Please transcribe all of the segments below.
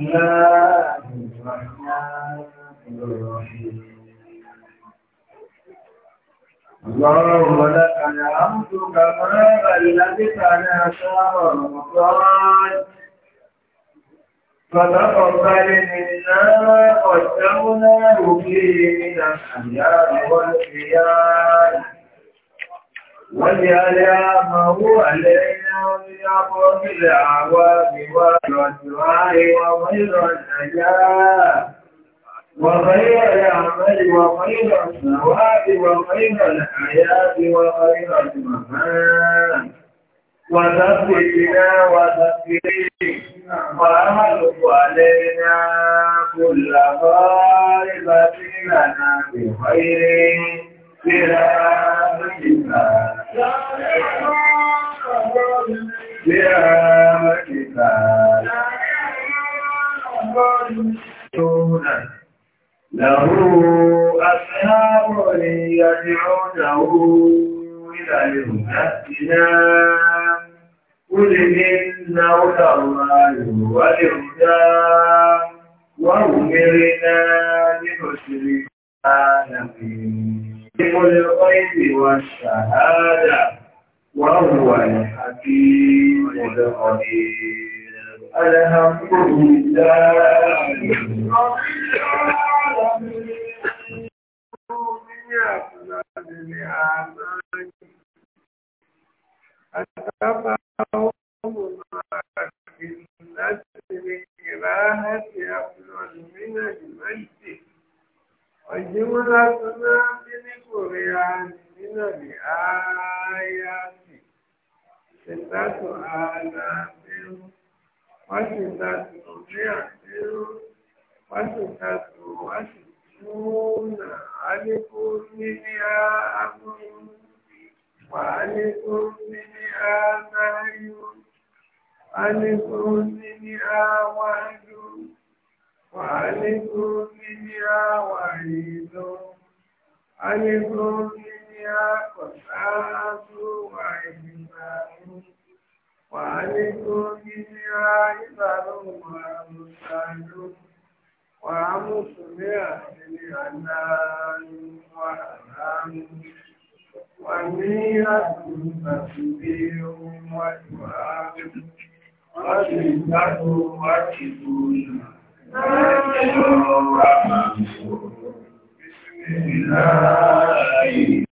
اللهم لك الحمد كما بلغتنا شهر رمضان فتقبل منا قدمناه فيه من الحياة والقيام واجعل عمه علينا وبيعقوب الأعواب والرجوع وغير النجاة وغير العمل وغير الثواب وغير الحياة وغير الممات وثبتنا وثبتين وأهلك علينا كل غائبة لنا بخير له أصحاب يدعونه إلى الهدى قل إن هدى الله هو الهدى وأمرنا لنشرك العالمين الغيب والشهادة وهو الحكيم الخبير الحمد لله رب العالمين ما في الناس من كراهة أفضل من المجد ademanaatụna dịnịkụrụ ya ịịari aha ịa ị etat aa ịụ aatụaịụ aiatụ aị mwụ na aneko ie ah ahụrụ ba anekor ee aanaịụ anekoree amahụ وعليكم منها وعيد عليكم منها قسعة وعيمان وعليكم منها إبر وأمثال وعمسمع للعنان وأنام وميرة تسبيح وإمام وسجدة وكبول Amen.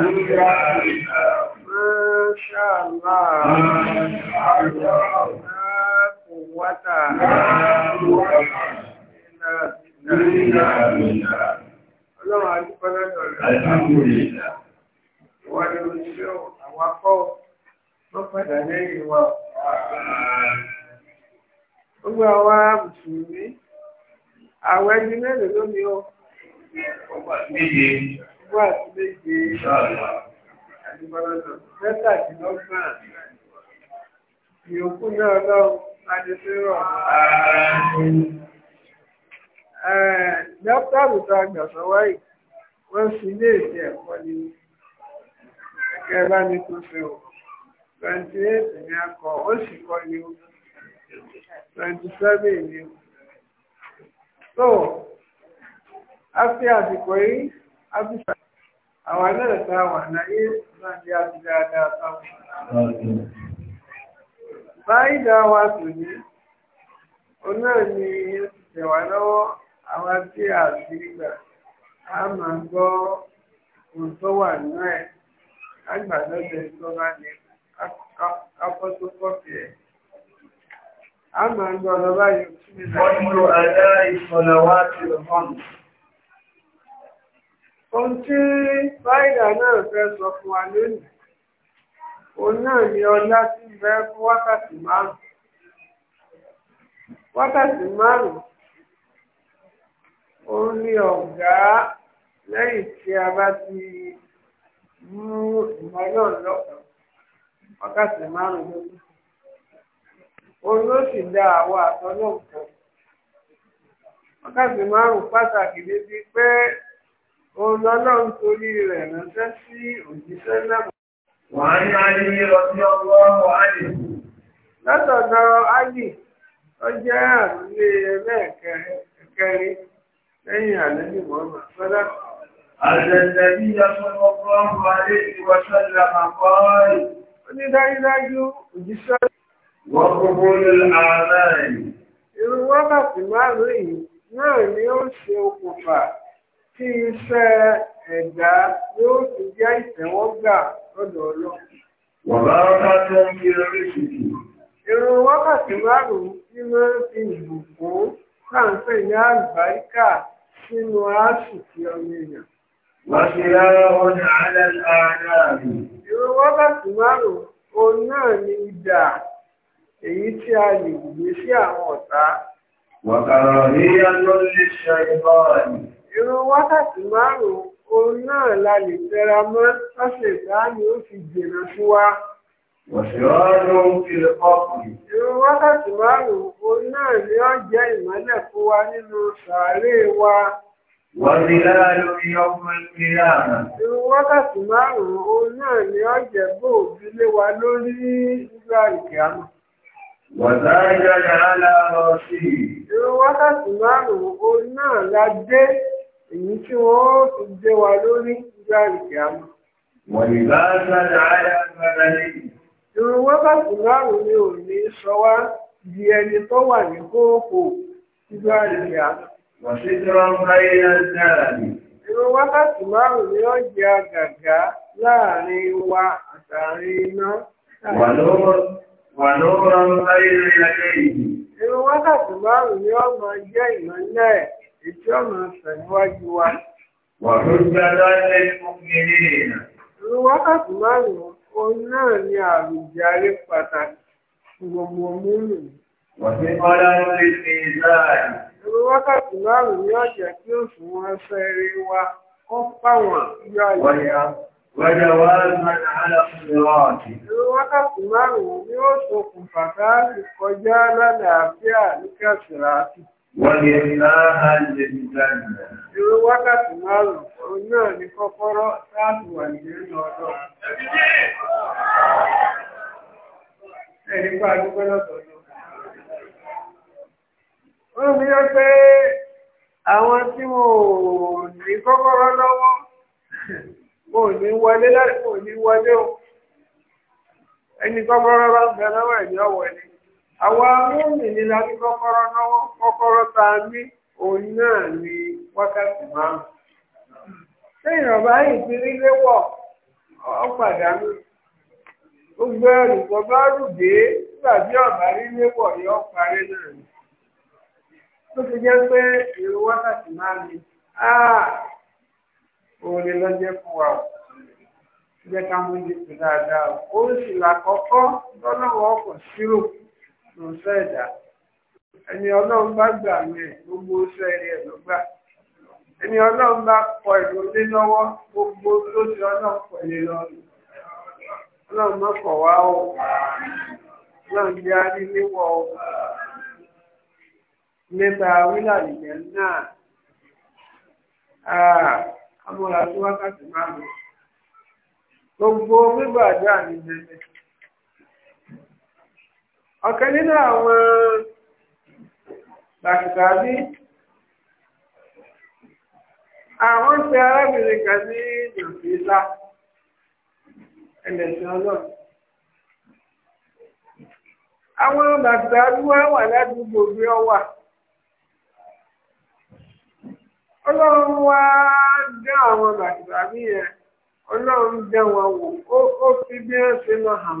شاء الله لا قوة إلا بالله Ọlọ́run àdúgbò lọ́dọ̀ rẹ̀. Wọ́n ni oṣù àwọn akọ́ wọ́n padà lẹ́yìn wa. Gbogbo àwa Mùsùlùmí, àwọn ẹni mẹ́rin ló ní ọ. Méje. wáàsí méje àdìmọ́lọ́dọ̀ mẹ́tàdínlọ́gbọ̀n ìyókù náà lọ́wọ́ wọ́n fi ẹ̀kọ́ ni ẹ̀kẹ́ bá ní tó ni a kọ ó sì kọ ni ni so a fi àsìkò yìí a fi ṣàkóso. àwọn alẹ́rẹ̀ta wà láyé náà ní àti dáadáa sáwọn. Báyìí dáwà tò ní, òun náà ni tẹ̀wà lọ́wọ́ àwọn tí a sì gbà, a máa gbọ́ ohun tó wà ẹ̀, a gbà tó bá A ma gbọ́ lọ báyìí. Wọ́n àdá ohun tí fáìdà náà fẹ́ sọ fún wa lónìí òun náà ni ọlá tí ń fún wákàtí márùn wákàtí márùn òun ni ọ̀gá lẹ́yìn tí a bá ti mú ìmọ̀ náà lọ́kàn wákàtí márùn lókun òun ló sì dá àwọn àtọ́ náà pọ̀ wákàtí márùn pàtàkì débi pé. òun lọ́lọ́run torí rẹ̀ ránṣẹ́ sí òjíṣẹ́ náà. wàá ní alẹ́ ọdún ọgbọ́n alẹ́. látọ̀dọ̀ alì ó jẹ́ àrùlé ẹlẹ́ẹ̀kẹrin lẹ́yìn àlẹ́lì mọ́mà sọ́dá. àjẹ̀jẹ̀bí yasọ́nà ọgbọ́n alẹ́ ìwọ́sọ́lá àkọ́ọ́rì. ó ní dájúdájú òjíṣẹ́. wọ́n gbogbo wákàtí márùn-ún yìí náà ni ó ṣe okùnfà. tí iṣẹ́ ẹ̀dá yóò fi jẹ́ ìtẹ́wọ́gbà lọ́dọ̀ ọlọ́run. Wàbá ọ̀tá tó ń fi orí ṣìkì. Irun wákàtí márùn-ún ti máa ń fi náà ni ìdà èyí tí a lè gbé sí àwọn ọ̀tá. Wàkàrọ̀ ní ẹjọ́ lè ṣe ìrun wákàtí márùn-ún òun náà la lè tẹra mọ́ lọ́sẹ̀ ìsáàmì ó fi jìnnà sí wa. Ìrun wákàtí márùn-ún òun náà ni ó jẹ́ ìmọ́lẹ̀ fún wa nínú sàárè wa. Ìrun wákàtí márùn-ún òun náà ni ó jẹ́ bóòbí lé wa lórí nígbà ìkẹ́àmù. Wàzáyára aláàrọ̀ sí. Ìrun wákàtí márùn-ún òun náà la dé èyí tí wọ́n fi gbé wa lórí ìjọ àrìkẹ́ àmọ́. wọ́n ní bá sára ayáfara ní. irun wákàtí márùn-ún ni ò ní sọ wá di ẹni tó wà ní kóòkó ìjọ àrìkẹ́ àmọ́. wọ́n sì tọrọ báyé náà ní. irun wákàtí márùn-ún ni ó jẹ́ àgàgà láàrin wa àtàrin iná. wà ló rọrùn báyé náà yá lẹ́yìn. irun wákàtí márùn-ún ni ó máa jẹ́ ìmọ̀lẹ́. Ètí ọ̀nà àtẹ̀níwájú wa. Wà ló gbádá lé fún mi rí ìrìnà. Ní wákàtí márùn-ún, òun náà ni àrùjáre pàtàkì gbogbo múlù. Wọ́n ti kọ́lá ń lé ní Ìsáàlì. Ní wákàtí márùn-ún ni ọ̀jẹ̀ kí òṣùwọ̀n ẹsẹ̀ rí wa, ó pàwọ̀n yọ àyíká. Wọ́n yà wá láti aláfẹ́ ọ̀dì. Ní wákàtí márùn-ún ni ó ṣokùnfà ká kọjá lálàáfíà ní kẹsìrà àti Wọ́lé náà lè ní Irú wákàtí márùn-ún, òun náà ni kọ́kọ́rọ́ láti wà nínú ọ̀dọ́. Ẹni pa àdúgbò lọ́tọ̀ọ́dọ́. Ó ní ó pé àwọn tí mo ní kọ́kọ́rọ́ lọ́wọ́, mo ní wọlé láti mo ní wọlé o. Ẹni kọ́kọ́rọ́ bá ń bẹ lọ́wọ́ àwa mọ́mìnì la ní kọ́kọ́rọ́ náwó kọ́kọ́rọ́ tá a ní òun náà ní wákàtí márùn. ṣé ìrọ̀bá yìí ti rí léwọ̀ ọ̀pàdánù gbogbo ẹrù tó bá rùgbé, nígbà tí ọ̀bá rí léwọ̀ yọ parí náà ni. ló ti jẹ́ pé èrò wákàtí ni o jẹ́ ká mú ránṣẹ́ ẹ̀dá ẹni ọlọ́run bá gbà mí gbogbo iṣẹ́ rẹ̀ ló gbà ẹni ọlọ́run bá kọ ìlú lé gbogbo ló ti ọlọ́run pọ̀ lé lọ́rùn ọlọ́run má wá o o náà amúra tó wákàtí lò gbogbo ọ̀kan nínú àwọn bàtìsàbí àwọn ti arábìnrin kan ní nàìjíríà ẹlẹ́sìn ọlọ́run àwọn bàtìsàbí wá wà ládùúgbò bí ọ wà ọlọ́run wá dá àwọn bàtìsàbí yẹn ọlọ́run dá wọn wò ó fi bí wọ́n ṣe lọ hàn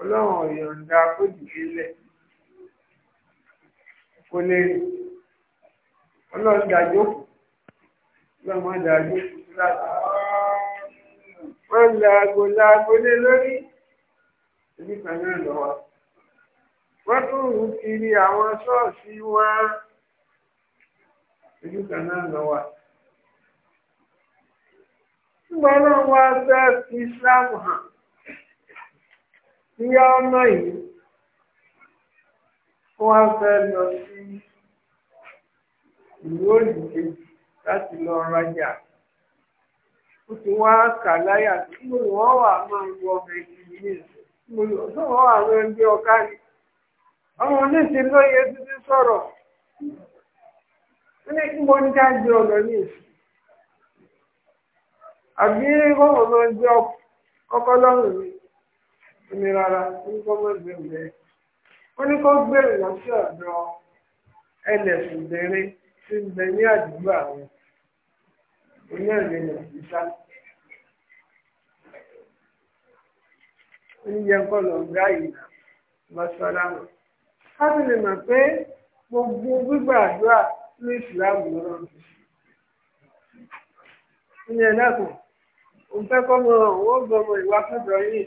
ọlọ́run ọ̀yọ̀ǹda kó dìde lẹ̀ kó lè rí ọlọ́run dájọ́ ọlọ́run dájọ́ wọ́n laago laago lé lórí ibi kan náà lọ́wọ́ wọ́n tún ń kiri àwọn ṣọ́ọ̀ṣì wọn ibi kan náà lọ́wọ́ nígbà náà wọ́n fẹ́ fi Islam hàn. Ndị ọmọ yìí lọ sí ìlú òyìnbó láti lọ rajà. Ó ti wá kà láyà tí mo wọ́n wà máa ń wọ ọmọ ní Mo wọ́n wà máa ń gbé ọ̀ká ni. Ọmọ lóye títí sọ̀rọ̀. Ó ní kí mo ní ká gbé ní ní rárá ní gọ́ọ̀mẹ̀ntì ìbẹ̀rẹ̀ ó ní kó gbèrò lọ sí ọ̀dọ̀ nf ìbẹ̀rẹ̀ tí ń bẹ ní àdúgbò àwọn oní ẹ̀rẹ́ ní ìsá oúnjẹ ńkọ lọ gbá ìlà lọ́sọ̀lámù ká sì lè mọ̀ pé gbogbo gbígbàdúrà ní ìsìláàmù lọ́rọ̀ ti sí ìyẹn lẹ́kùn òun fẹ́ kọ́ mọ òun ó gbọmọ ìwà fẹ́bẹ̀rẹ̀ yìí.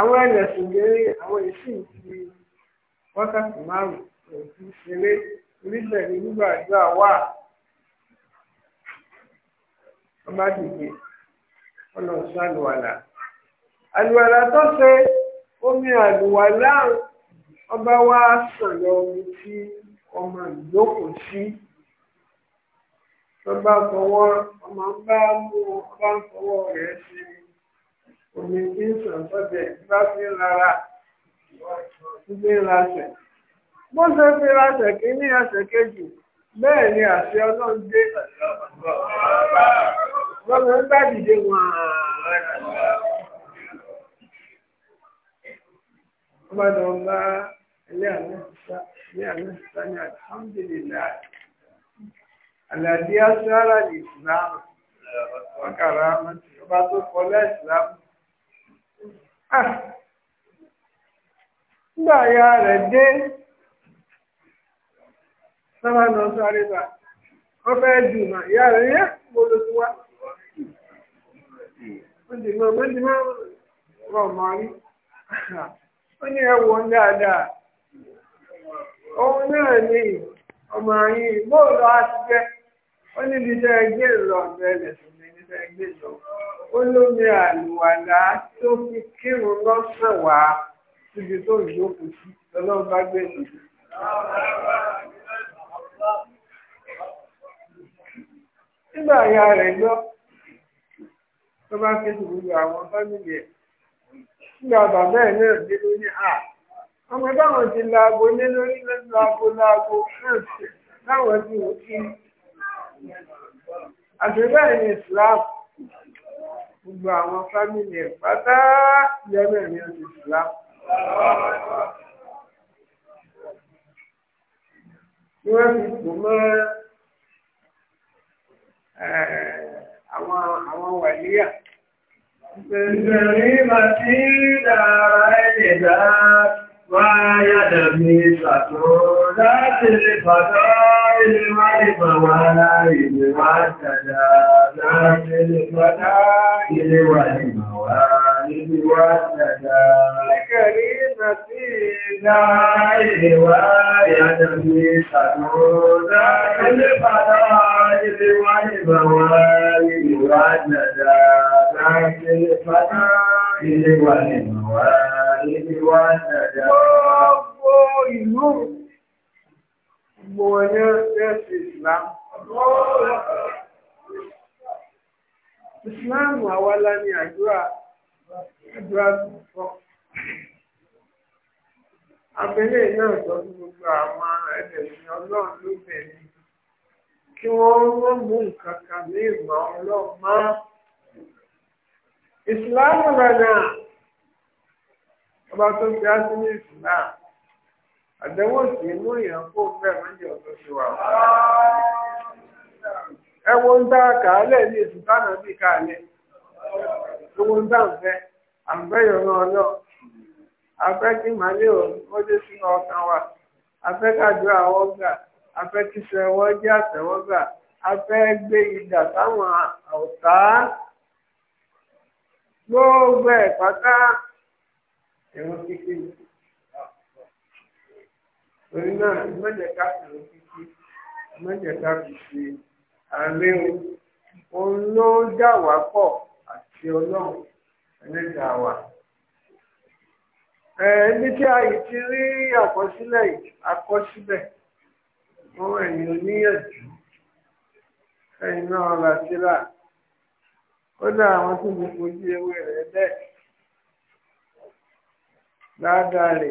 àwọn ẹlẹ́sìn gẹ́rẹ́ àwọn ìsìn ti wákàtí márùn-ún òkú ṣeré orílẹ̀ ní gbígbàdúrà wà ọba dìde ọ̀nà ọ̀sán àlùwàlà àlùwàlà tó ṣe omi àlùwàlà ọba wa sàn lọ omi tí ọmọ ìjókòó sí tó bá fọwọ́ ọmọ bá mú ọba fọwọ́ rẹ̀ ṣe omi tí ń sàn sọ́dẹ̀ bá fi ń rárá fi ń rasẹ̀. bó ṣe fi rasẹ̀ kínní ẹsẹ̀ kejì bẹ́ẹ̀ ni àṣẹ ọlọ́run dé lọ́nà ń gbàdìde wọ̀n gbọ́dọ̀ bá ilé àná ìsá ní alhamdulillah aládìí asára ní ìsìlámù wákàrà ọba tó kọ lẹ́sìlámù. Ah. nígbà ya rẹ̀ dé sábà na ọsọ bá ọ fẹ́ jù mà ya rẹ̀ yẹ́ mo ló ti wá wọ́n ti mọ̀ onye ya mọ̀ ndị ada a, wọ́n ní ẹ̀wọ̀n dáadáa òun náà ni ọmọ ya. onye á ti jẹ́ nrọ ẹgbẹ́jọ ó lómi àlùwàlá tó fi kírun lọ́sẹ̀ wá síbi tó ìjókòó sí lọ́lọ́run bá gbé mi. nígbà ìyá rẹ̀ gbọ́ tó bá ké gbogbo àwọn fámìlì ẹ̀ nígbà bàbá ẹ̀ náà dé lórí à ọmọ ti laago lé lórí lẹ́nu laago laago náà ti wò kí. àtúntà ní Islam gbogbo àwọn fámìlì ẹ̀ pátá lẹ́mẹ̀ ní ọdún Islam. Tí wọ́n fi kò mọ́ àwọn wàlíyà. Ìgbẹ̀rẹ̀ máa dára ẹ̀jẹ̀ dáa, wáyà dàbí ìṣàtò láti lè bàtà. المرض ولا المعتدى لا في الفضائل والموالد والندى لكريمة داعي ويدفي صدور ذات الفضائل والموالد والندى لا في الفضائل والموالد والندى gbogbo ọyẹ islam. ìsìláàmù àwálá ni àdúrà àdúrà tó pọ̀. abẹ́lé náà sọ fún gbogbo àwọn ẹlẹ́sìn ọlọ́run ló bẹ̀rẹ̀ kí wọ́n wọ́n mú nǹkan kan ní ìmọ̀ ọlọ́run mọ́. ìsìláàmù rẹ̀ àdánwò sí mú ìyànkó bẹ́ẹ̀ méjì ọ̀tọ̀ sí wa. ẹ wo ń dá kàálẹ̀ ní ètò bí kàálẹ̀ tó ń dá nfẹ́ àǹfẹ́yọ̀nà ọlọ́ afẹ́ kí màálé ó dé ọkàn wa afẹ́ kájọ àwọn gbà afẹ́ kíṣọ ẹwọ́ jẹ́ àtẹ̀wọ́gbà afẹ́ gbé ìdà táwọn ọ̀tá gbogbo ẹ̀ pátá ẹ̀rọ kékeré. torí náà mẹ́jẹ̀ ká sì ló títí mẹ́jẹ̀ ká fi ló dà àti ọlọ́run ẹlẹ́dàá wa. ẹni tí a ti rí àkọsílẹ̀ àkọsílẹ̀ wọn ẹ̀yìn oníyànjú ẹ̀yìn náà ra síra ti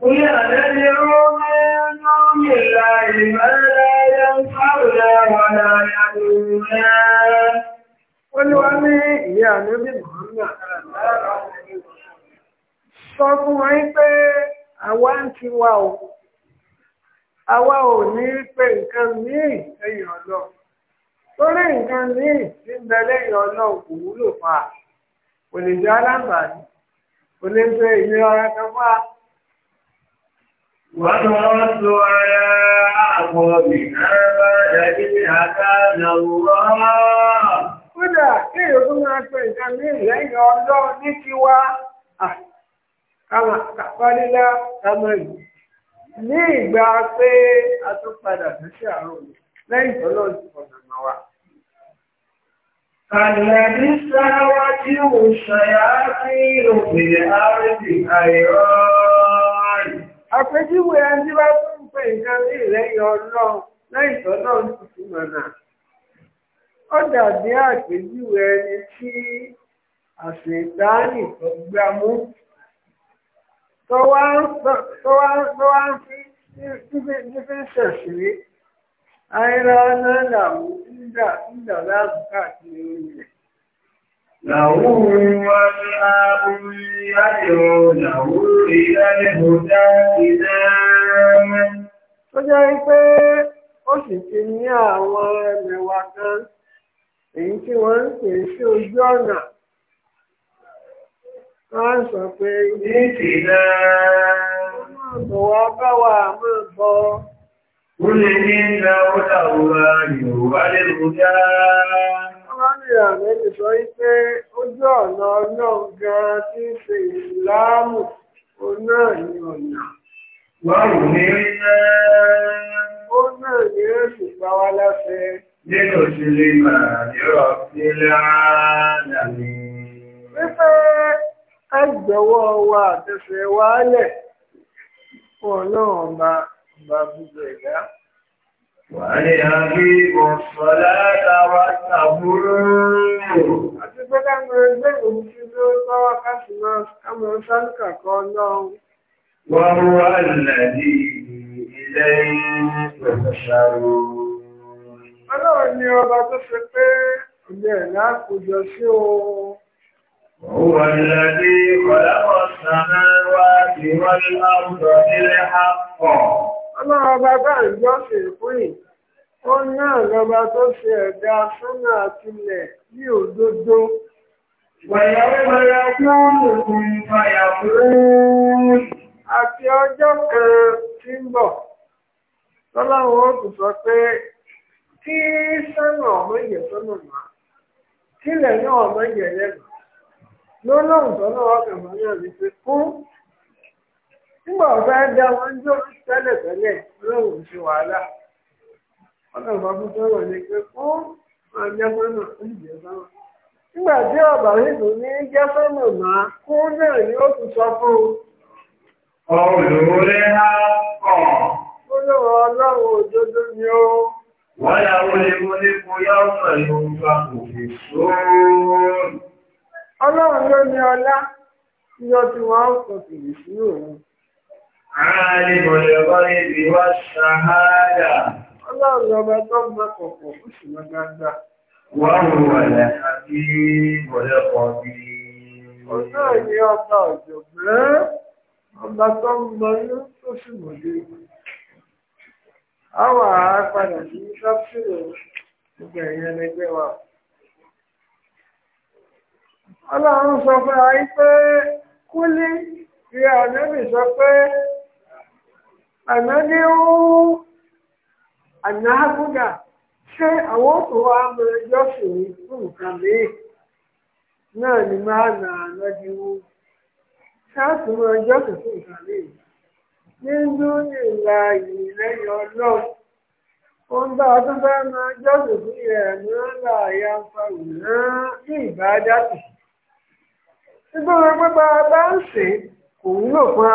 قل أندعو من دون الله ما لا ينفعنا ولا يضرنا Olúwámi ìyá àlébí Mọ̀hánà sọ fún wọn pé àwa ń ti wà ó, àwa ò ní pé nǹkan míì lẹ́yìn ọlọ́run. Torí nǹkan míì ti ń bẹ lẹ́yìn kò wúlò fà kò lè jẹ́ aláǹbàní, kò lè ṣe ìnira kankan fà ونرد على أعقابنا بعد إذ هدانا الله Kódà kí èkó máa sọ ìkan ní ìlẹ́yìn ọlọ́run ní ti wá kàkọ́lélá tamari ní ìgbà pé a tún padà sí sí àárọ̀ lẹ́yìn tọ́lọ́ ti fọ̀nà náà wá. Àlẹ́bí sáwájú òṣàyà sí òkè àrẹ́bì àìrọ́ àpèjúwe ẹni bá tó ń pè nǹkan ní ìlẹ́yìn ọlọ́run lẹ́yìn tọ́lọ́ ń tutù mọ̀nà ó dàbí àpèjúwe ẹni tí àṣetánì tó gbámú tó wá ń fi nífẹ̀ẹ́ ṣẹ̀ṣẹ̀ ayélujára náà làwọn ń dà láàbù káàkiri orílẹ̀. له ó jẹ́ pé ó sì ti ní àwọn ẹmẹ̀wà kan èyí tí wọ́n ń pè sí ojú ọ̀nà wọ́n ń sọ pé ní ìtìlá ọ̀bọ̀ wa bá wà máa bọ́ ó lè ní ìlà lè mú Kùránì àmẹ́lì sọ wípé ojú ọ̀nà ọlọ́run gan-an tí ń ṣe ìsìláàmù òun náà ni ọ̀nà. Wọ́n ní ó náà ní èsì pàwà láfẹ́. Nínú ìṣẹ̀lẹ̀ ìmọ̀ràn yóò fi láàrín àmì. Wípé ẹgbẹ̀wọ́ wa àtẹsẹ̀ wálẹ̀, ọ̀nà ọ̀bà bàbúgbẹ̀dá. وأن يغيب الصلاة والتبرر àti pé ká mọ ẹgbẹ́ òun ti ló lọ́wọ́ ká sì máa kámọ sáńkà kan lọ́hùn. wọ́n wá ìlàdí ilé ìpẹ̀sàrò. ọlọ́run ni ọba tó ṣe pé ọ̀dẹ̀ ẹ̀ lákòjọ ọlọ́ọ̀bá bá ń gbọ́ fún yìí ó náà tó ṣe ẹ̀dá sọ́nà àtìlẹ̀ ní òdodo. àti ọjọ́ kan tí ń bọ̀ tọ́láwọn ó sọ pé kí kílẹ̀ náà nígbà ọ̀fẹ́ dá wọn jó tẹ́lẹ̀tẹ́lẹ̀ ọlọ́run ṣe wàhálà ọlọ́run bá fún sọ̀rọ̀ ni pé kó máa jẹ́ sọ́nà ó sì nígbà tí ní jẹ́ máa kó náà ni ó ti sọ fún á ọlọ́run òdodo ó. wọ́n wọlé ọ̀sán kò fi sóòrùn. ọlọ́run ló عالم الغيب والشهادة الله ما ضمك وحسن مجدة وهو الحكيم القدير والله يا الله جبريل الله ضمك وحسن مجدة àwọn àápadà sí sáfíìrì gbogbo ẹ̀yẹn lẹgbẹ́ wa ọlọ́run sọ fún ayé pé kúlí ìyá àdébì sọ pé ànádéhùn ànáhàbúdà ṣé àwọn òkú wa máa jọ́sìn fún nǹkan mìíràn náà ni máa nà ànádéhùn ṣáàtì máa jọ́sìn fún nǹkan mìíràn nínú ìlà ìrìnlẹ́yìn ọlọ́run Òǹdá ọdún bá máa jọ́sìn fún ilẹ̀ mìíràn láàyà ń fa ìran ní ìbádàtì. Nígbà wọn a bá ń sè kò fún wa.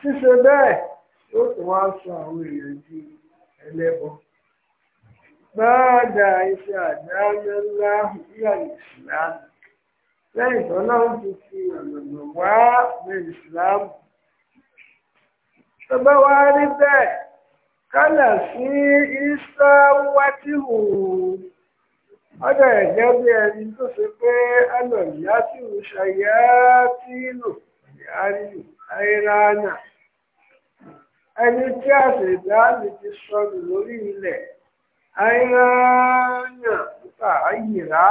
ṣíṣe bẹ́ẹ̀ yóò tún wá sọ àwọn èèyàn di ẹlẹ́bọ. Báàdà iṣẹ́ àdáyé ńlá yíyà ìsìláàmù. Lẹ́yìn tó náà ti fi ọ̀nà wá ní ìsìláàmù. Tó bá wá rí bẹ́ẹ̀, kálà sí Ísá ẹ̀jẹ̀ bí ẹni tó ṣe pé ìyá ẹni tí àṣẹ̀dáàlì ti sọnù lórí ilẹ̀ ayélujára nípa ayìrá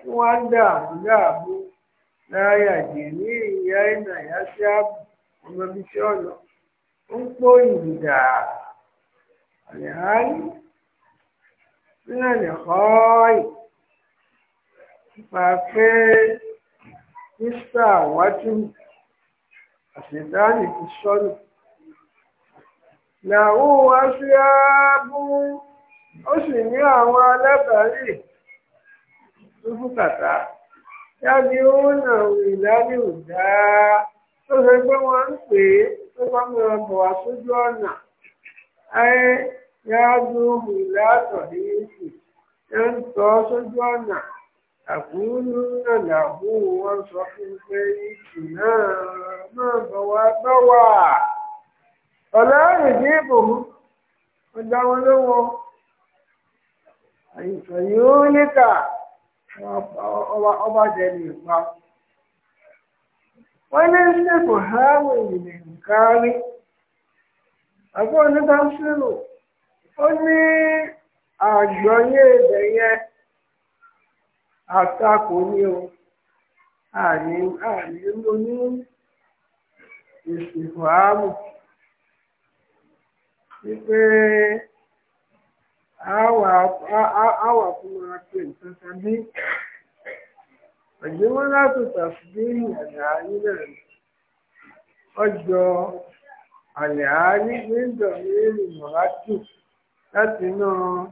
tí wọ́n ń dààmú dààmú láyà jì ní ìyá ìnà ìyá sí ààbò ọmọ ibi tí ọ̀nà ń pò ìdìdà àlẹ́hàálì nínú ẹ̀kọ́ nípa pé mr wàtú àṣẹ̀dáàlì ti sọnù. na aṣáábù si sì ní àwọn alábàárì fúnfún kàtà ya dị nà ìlànà ìdá ụda ṣe pé wọ́n ń pè é tó bá máa bọ̀ wá sójú ọ̀nà ayé yáàbí ìlàtọ̀ ní ìsìn ẹ ń tọ́ sójú ọ̀nà àkúrú náà làwọn na sọ fún ọlọ́run ní ìbò mú ọjà wọn lówó àyùsọ̀yún níta ọba jẹ̀lì pa wọ́n ní ha nwere háwò ìrìnlẹ̀ nǹkan rí àbọ̀ oníkan sírò ó ní àgbọ̀nyé ibẹ̀ yẹn àtakò wípé a wà fún wa pé nǹkan kan bí àjẹmọ́ láti tàfídéhì àdáyé náà ọjọ́ àlẹ́hárí nígbà mẹ́rin mọ̀lájú láti náà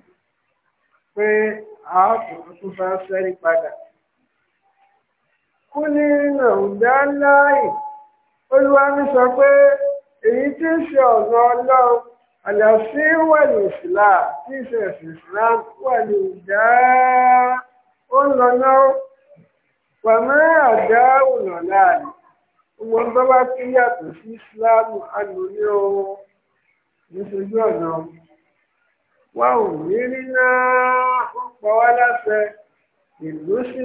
pé a tún bá sẹ́rí padà. kú ní nàìjíríà láàyè olúwa mi sọ pé èyí tí ń ṣe ọ̀nà ọlọ́run àlàáfíà wà ní islam tí ìṣẹ̀sìn islam wà ní ìdá ó ń lọ náà pàmò àdá ònà láàyè ọmọ ń bá wá pé yàtọ̀ sí islam àlòyé ohun níṣojú ọ̀nà ò ní rí náà ó pa wá láṣẹ ìlú sí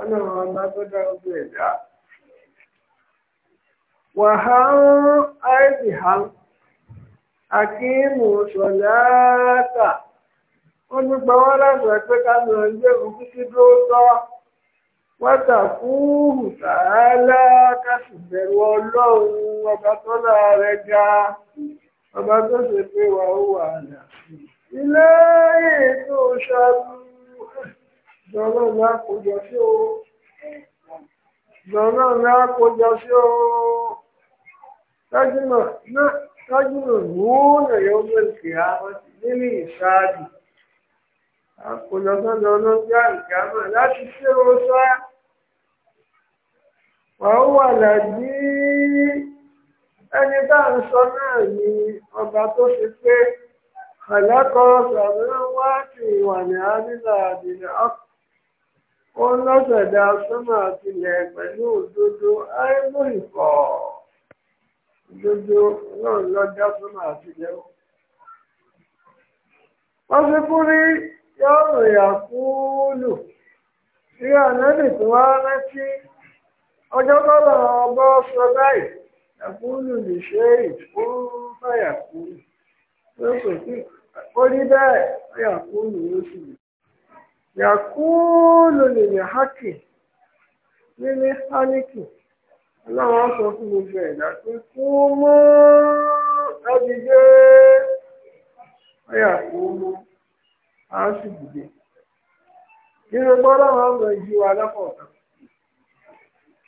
ọlọ́run ọba tó dá ogun ẹ̀dá. wàhálà àìsíhá akíìmù sọ̀láàtà wọ́n ti gbọ́ wọ́n láti rẹ̀ pé ká lọ ilé òkú sí dúró tọ́ wọ́tà fúùhù sàálà sì bẹ̀rù ọlọ́run ọba tó láàrẹ̀ ga ọba tó ṣe pé wà ó wà àlà ilé ètò ìṣàlù lọ́lọ́run lákòjọ sí o lọ́lọ́run lákòjọ sí o tájúmọ̀ náà tájúmọ̀ lóòrè yóò gbèsè àwọn nílì ìṣáájú àkójọ sọ́dọ̀ ọlọ́jà ìjàmọ̀ láti ṣe oṣù wọ́n wà lájí ẹni bá ń sọ náà ni ọba tó ṣe pé àlákọ̀ọ́ sàmúlò wá sí ìwà ní àdínlá àdínlá ọkọ̀. ó lọ́sọ̀dá pẹ̀lú òdodo áìmọ̀rì kọ̀ òdodo náà o. wọ́n ti kú rí yọ̀ọ̀rọ̀ yàkúlù tí ànábì tó wá rántí ọjọ́ tọ́lọ̀ ọgbọ́ sọ báyìí yàkúlù lè ṣe ìfún fàyàkúlù bẹ́ẹ̀ fàyàkúlù yàkúùlù nìyí hákì níní háníkì ọlọ́run sọ fún gbogbo ẹ̀dá pé kú mú ẹdìdé ọyà kú mú aṣùgbùdé nínú gbọ́dọ̀ máa lọ ju alákọ̀ọ́kan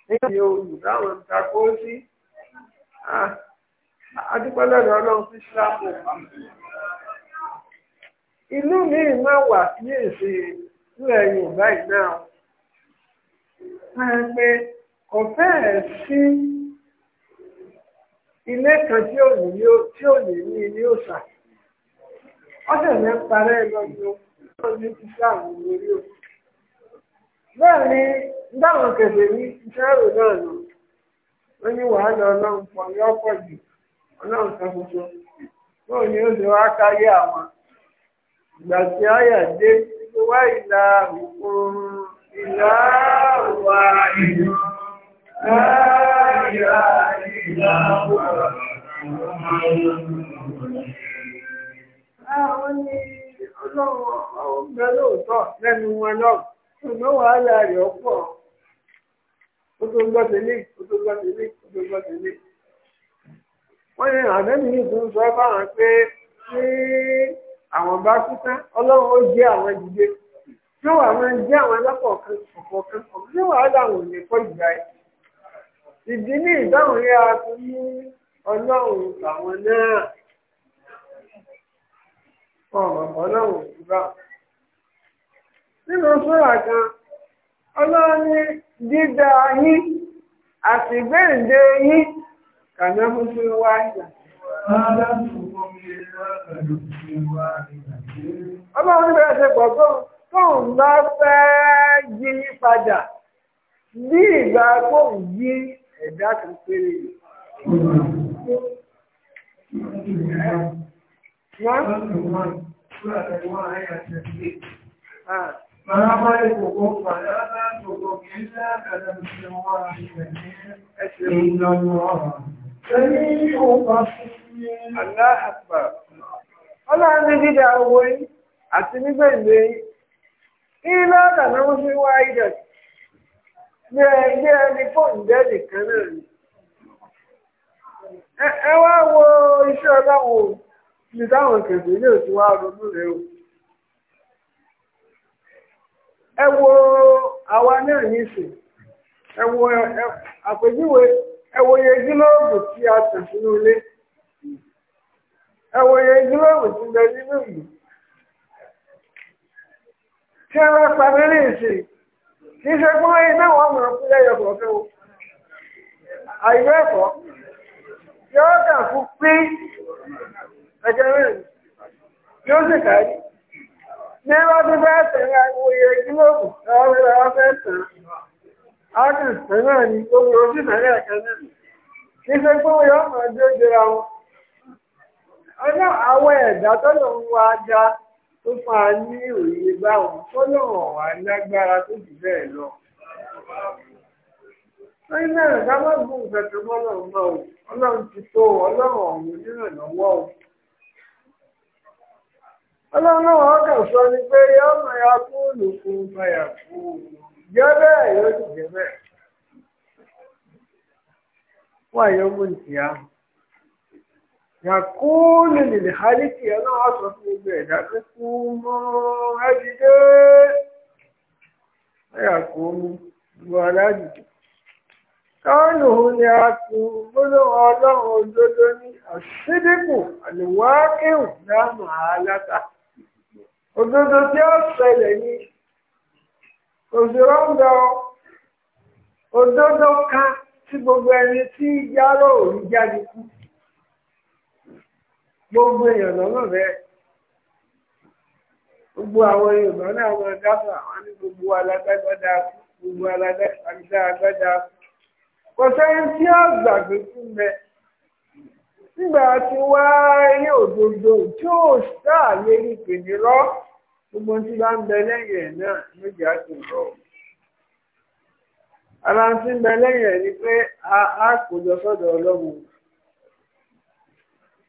níbi olùdáwọn ìtakò sí adúpẹ́lẹ́dọ̀ ọlọ́run fi mi máa wà ní nílẹ̀ yorùbá yìí náà wọ́n pé kò fẹ́ẹ̀ sí ilé kan tí ò ní tí ò ní ní ilé òòsà wọ́n sì ní parẹ́ lọ́dún tó ní orí o bẹ́ẹ̀ ni dáhùn kẹsẹ̀ ní ìṣẹ́rù náà lọ wọ́n ní ọlọ́run pọ̀ jù ọlọ́run kan ni ó ṣe wá káyé àwọn ìgbà tí وإلهكم إله واحد لا إله إلا هو Àwọn ni ọlọ́run ọgbẹ́ lóòótọ́ lẹ́nu wọn náà, ṣùgbọ́n wàhálà rẹ̀ ọ̀pọ̀. Ó tó gbọ́ tẹ́lé, ó tó gbọ́ tẹ́lé, ó tó gbọ́ tẹ́lé. Wọ́n ní àdẹ́mìí tó ń sọ fáwọn pé ṣé àwọn bá kú tán ọlọ́run ó jẹ́ àwọn ìdílé tí wọ́n àwọn jẹ́ àwọn alákọ̀ọ́kan ọ̀kọ̀ọ̀kan ọ̀kọ̀ọ̀kan ní wàhálà àwọn ò lè kọ́ ìgbà ẹ̀. ìdí ní ìdáhùn yẹn a ti mú ọlọ́run làwọn náà ọlọ́run ìgbà. nínú sọ́ra kan ọlọ́run ní dídá yín Ọlọ́run níbẹ̀rẹ̀ ṣe pọ̀ tóun bá fẹ́ yí padà ní ìgbà kó yí ẹ̀dá kan péré. Màábá ìkòkò pàdá bá tòkò kìí lákàdà ìṣẹ́wọ́ àti ẹ̀ṣẹ̀ ìlànà ọ̀rọ̀. Ṣé ní ó bá fún aláàpá ọlọ́run ní dídá owó àti nígbèǹde yín ilé ọ̀dà náà fi wá ìdẹ̀ gbé ẹgbẹ́ ẹni fóònù jẹ́ nìkan náà ni. ẹ wá wo iṣẹ́ ọlọ́run ní táwọn wá rẹ̀ o. ẹ wo àwa náà ẹ wo àpèjúwe ẹ wo tí a tẹ̀ sínú ẹwòye gílọ́ọ̀bù ti bẹ nínú ìlú tí ẹ ní kì í ṣe pé lẹ́yìn náà wọ́n mọ̀ fún lẹ́yìn ọkọ̀ a o àìwẹ́ ẹ̀kọ́ yóò kà fún pín ẹgbẹ́ rẹ̀ yóò sì kárí ní wọ́n ti fẹ́ tẹ̀lé ọlọ́ àwọn ẹ̀dá tọ́lọ́run wá dá tó máa ní òye báwọn tọ́lọ́run ọ̀wá lágbára tó lọ. ká má nǹkan tó náà o ọlọ́run ti tó ọlọ́run ọ̀hún onírànlọ́wọ́ o. ọlọ́run náà wọ́n kàn sọ ni pé yọ́mọ ya kú fàyà kú jẹ́ bẹ́ẹ̀ yóò sì jẹ́ bẹ́ẹ̀. wọ́n yàkúlù lè ha ọlọ́wọ́ sọ fún gbogbo ẹ̀dá pé kú mọ́ ẹ́dìdé ẹ̀yàkú gbogbo ya káàlù ni a kú gbólóhùn ọlọ́run òdodo ní àṣídìkù àlùwákìwù láàmù gbogbo èèyàn lọ́nà bẹ́ẹ̀ gbogbo àwọn Yorùbá náà wọn dáfà wọn ní gbogbo alágbádá gbogbo alágbádá agbádá kò sẹ́yìn tí ó gbàgbé fún mẹ́ nígbà tí wá rí òdodo tí ó sáàyè ní pènírọ́ gbogbo tí bá ń bẹ lẹ́yìn ẹ̀ náà méjì á ti rọ̀ ara tí ń bẹ lẹ́yìn ẹ̀ ni pé a kò jọ sọ́dọ̀ Ọlọ́run.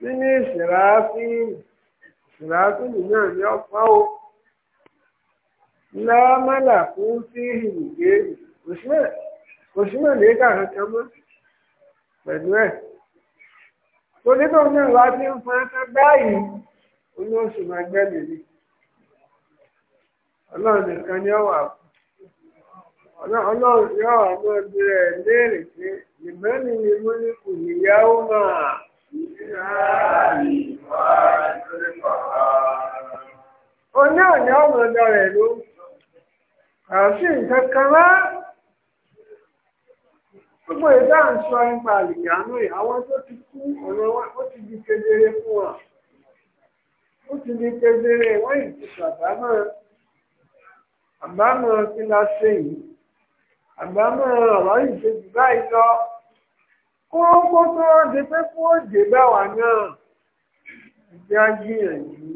sini ìsìráfíìlì ìsìráfíìlì náà ní o lámàlà fún fíìlì nìgéèrè òṣìmọ̀ lẹ́kà kankan mọ́ pẹ̀lú ẹ̀ tonítọ̀ náà wá ti ń fọn ẹsẹ̀ báyìí olóòṣù máa ni ọlọ́run ni Oní ọ̀nà ọmọ ọ̀dọ̀ rẹ̀ ló àti nǹkan kan rá. Gbogbo ìdá ń sọ nípa àlìyànú àwọn tó ti kú ọ̀rọ̀ ó ti di kedere fún wa. Ó ti di kedere wọ́n yìí sàbámọ́ àbámọ́ kí la ṣe yìí. Àbámọ́ ọ̀rọ̀ yìí báyìí lọ kó kó tó di pé kó dé báwa náà ẹjẹ́ àjíyànjú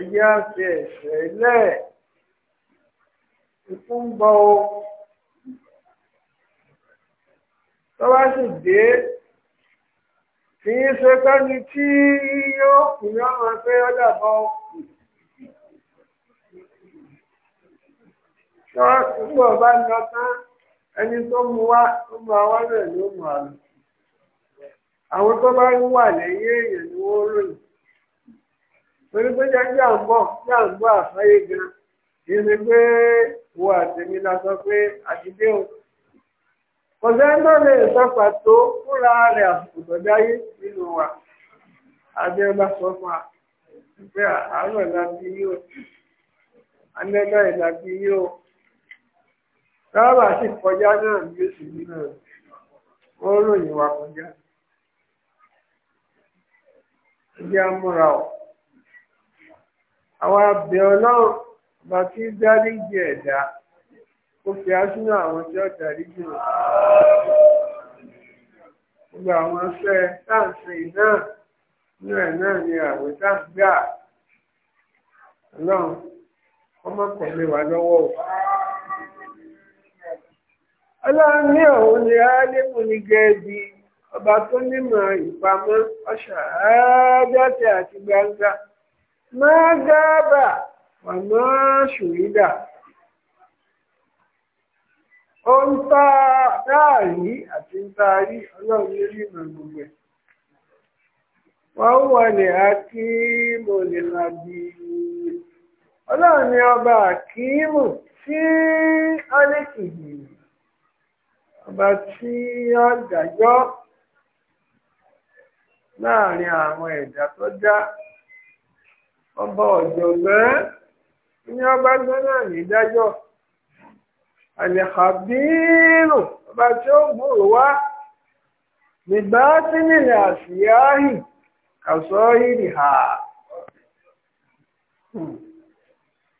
ẹjẹ́ àti ẹ̀sẹ̀ lẹ̀ ikú o tọ́wá sì dé kì í ṣe kẹ́ni tí yóò kù yọ́ máa pé ọ́dà bọ́ kù. Ṣọ́ọ̀ṣì gbọ̀ bá lọ tán ẹni tó mú wá tó mú àwa náà ló mú àlọ́ àwọn tó bá ń wà lẹ́yìn èèyàn ni wọ́n ròyìn torí pé jágbé à ń bọ̀ bí à ń bọ̀ àfáyé gan kìí pé wo àtẹ̀mí la sọ pé àdìdé o kọ̀sẹ́ náà lè sọ pàtó fúnra rẹ̀ àsìkò tó dáyé nínú wa àbí ẹ sọ fún wa pé àárọ̀ ìlàbí yìí o anẹ́gbẹ́ ìlàbí yìí o rárá sì kọjá náà bí oṣù yìí náà wọ́n ròyìn wa kọjá ẹjẹ́ amúra ọ̀ àwọn abẹ ọlọ́run bá tí dárí jẹ ẹ̀dá ó fi aṣínú àwọn tí ó dárí jù gbogbo àwọn afẹ́ táǹsì náà inú ẹ̀ náà ni àwẹ̀ táǹgbà ọlọ́run ọmọ pẹ̀lú wa lọ́wọ́ o. ọlọ́run ní òun ni áálẹ́mù ní gẹ́ẹ́bí ọba tó nímọ̀ ìpamọ́ ọ̀ṣà àádájẹ́ àti gbangba máa dábà wà máa ṣòrídà ó ń tá dáàrí àti ń taari ọlọ́run lórí ìmọ̀ gbogbo ẹ̀ wọ́n wọ̀ ní akíìmù lè làbí ọlọ́run ní ọba akíìmù tí ọ́nìkì ọba tí ó dájọ́ láàrin àwọn ẹ̀dá tó já ọba ọ̀jọ̀gbọ́n ní ọba gbọ́nà nídájọ́ àlẹ́kàbírù ọba tí ó gbòòrò wá nígbà tí nílẹ̀ àṣìyáhì kàṣọ́ ìrì hà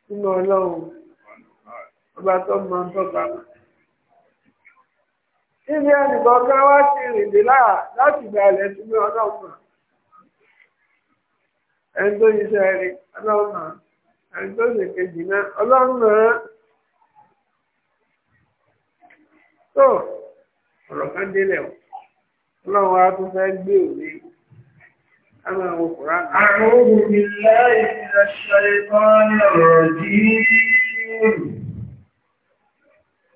nínú ọlọ́run ọba tó máa tọ́ka níbi ẹnìkan kan wá sí ìrìndè láà láti gba ilẹ̀ sí mi ọlọ́run ẹni tó ṣiṣẹ́ rí ọlọ́run ẹni tó ṣe kejì náà ọlọ́run náà tó ọ̀rọ̀ kan délẹ̀ o ọlọ́run wa tún fẹ́ gbé òwe àwọn àwọn ọkùnrin. àwọn òbí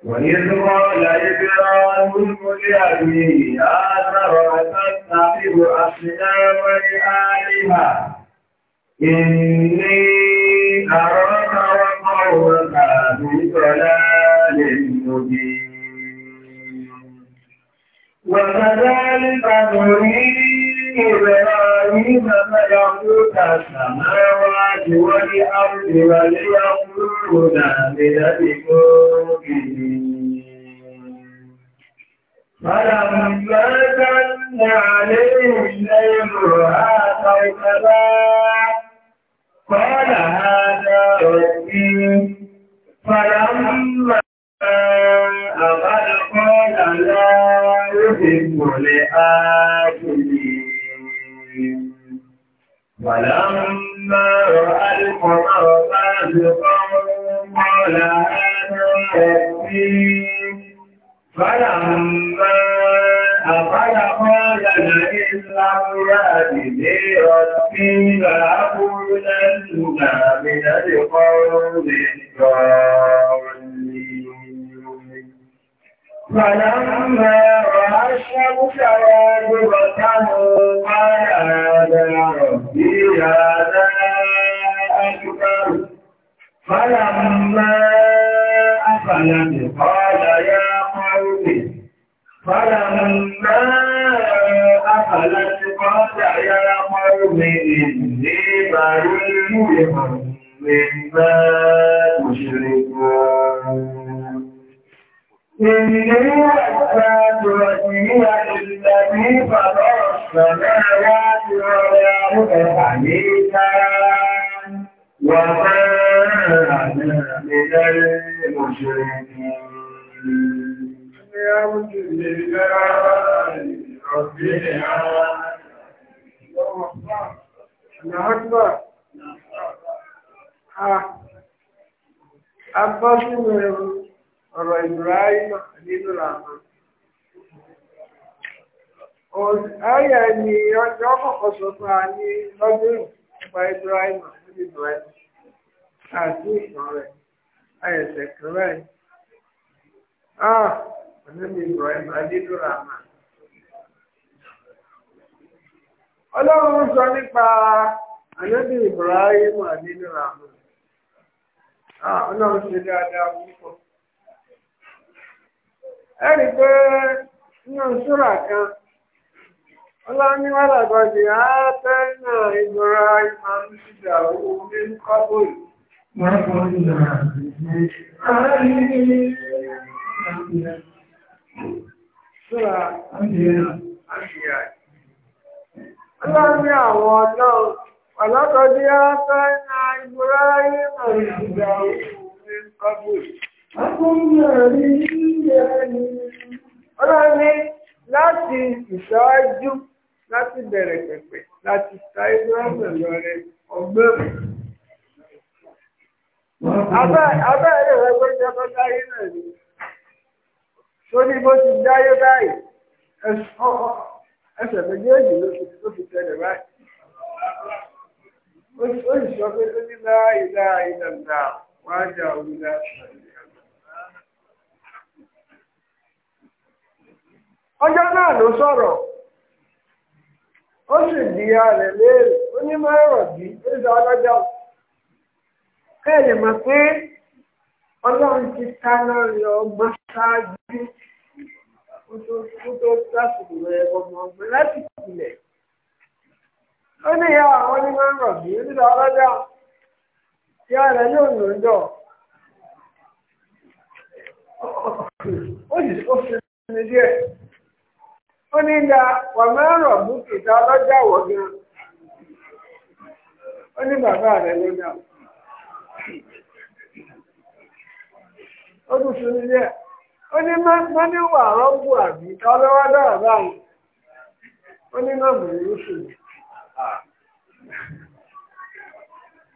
وإذ قال إبراهيم لأبيه آثر وتتخذ أصناما آلهة إني أراك وقومك بضلال مبين وكذلك نري إبراهيم ملكوت السماوات السماوات والأرض وليقولون من المؤمنين فلما كان عليه الليل رأى كوكبا قال هذا ربي فلما أبد قال لا يحب لآكلين ولما فلما رأى القمر بازغا قال هذا ربي فلما أفل قال لئن لم يأتني ربي لأكونن من القوم الضالين فلما رأى الشمس راجبة قال هذا ربي هذا أكبر فلما أفلت قال يا قوم فلما أفلت قال يا قوم إني بريء مما إني أشهد وإني الذي فطر السماوات والأرض حنيفا وما أنا من المشركين الحمد لله رب العالمين الأكبر أكبر من ọrọ ìbúráìmà nínú Ayà ni ọjọ́ kọ̀kọ́ sọ fún a ní lọ́dún nípa ìbúráìmà níbi ìbúráìmà àti ìtàn rẹ ayẹ̀sẹ̀ kan Ah, níbi ìbúráìmà nínú Ọlọ́run sọ nípa ànábì ìbúráìmà nínú àmà. Ah, ọlọ́run ṣe dáadáa púpọ̀. ẹ rí pé inú sùúrà kan ọlọ́níwàlà gbọ́dọ̀ á fẹ́ náà ìgbọ́ra ìmọ̀ ń ṣìjà ní àwọn á fẹ́ ní Ọlọ́ni láti ìṣáájú láti bẹ̀rẹ̀ pẹ̀pẹ̀ láti ta ìgbọ́nà lọ́rẹ ọgbọ́n. Abẹ́ẹ̀rẹ̀ rẹ̀ pé jẹ́kọ́ dáyé náà ni. Sórí bó ti dáyé báyìí, ẹsẹ̀ méjèèjì ló fi tẹ̀lẹ̀ báyìí. Ó sì sọ pé ó ní láàyè láàyè dàgbà wájà òun láti ọjọ́ náà ló sọ̀rọ̀ ó sì di ààrẹ léèrè ó ní mẹ́rọ̀ bí ó sọ mọ̀ pé ọlọ́run ti táná lọ mọ́ ṣáájú kó tó lásìkò rẹ̀ ọmọ ọgbẹ́ láti ìpìlẹ̀ ó ní ìyá àwọn ní mẹ́rọ̀ bí ọlọ́jọ́ yóò lò ń ó ní da wàmẹ́rọ̀ mú kìtà lọ́jà wọ̀ gan ní bàbá rẹ̀ ló dà ó tún sún nílé ó ní má ní wà rọ́gbù àbí ọlọ́wà dára báyìí ó ní má mú ìlú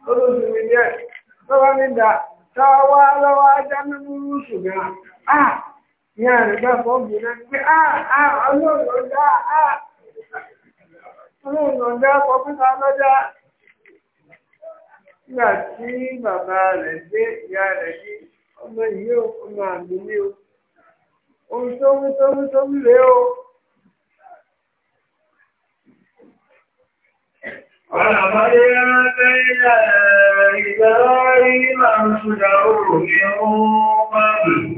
ó tún sún nílé lọ́wọ́ ní da ìyá rẹ̀ bá a ọ náà pé á ọlọ́run a á ọlọ́run ọ̀dá kọfíńtà lọ́dá. Nígbà tí bàbá rẹ̀ dé ìyá rẹ̀ ní ọmọ ìyé ma o. Ohun tó mú o. ولقد ya إبراهيم هداه من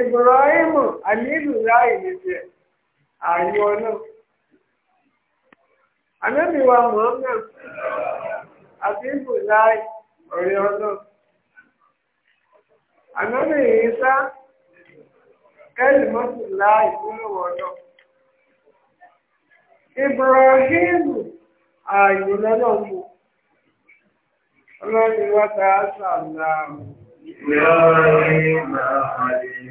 Ibrahim Alilu láì nìjẹ ààyè ọlọ́run. Anábìwa Muhammad Abibu láì ọ̀rẹ́ ọlọ́run. Anábì Ìsá Kẹ́lìmọ́tì láì lọ́wọ́ ọlọ́run. Ibrahim ààyè lọ́lọ́run. Ọlọ́run wá ta àṣà náà. Ìyá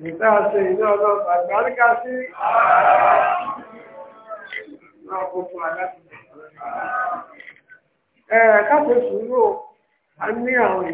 Nìta eh, ṣe iná ọlọ́pàá àgbáríkà si náà kó fún aláti. Ẹ̀ẹ̀ká a ní àwọn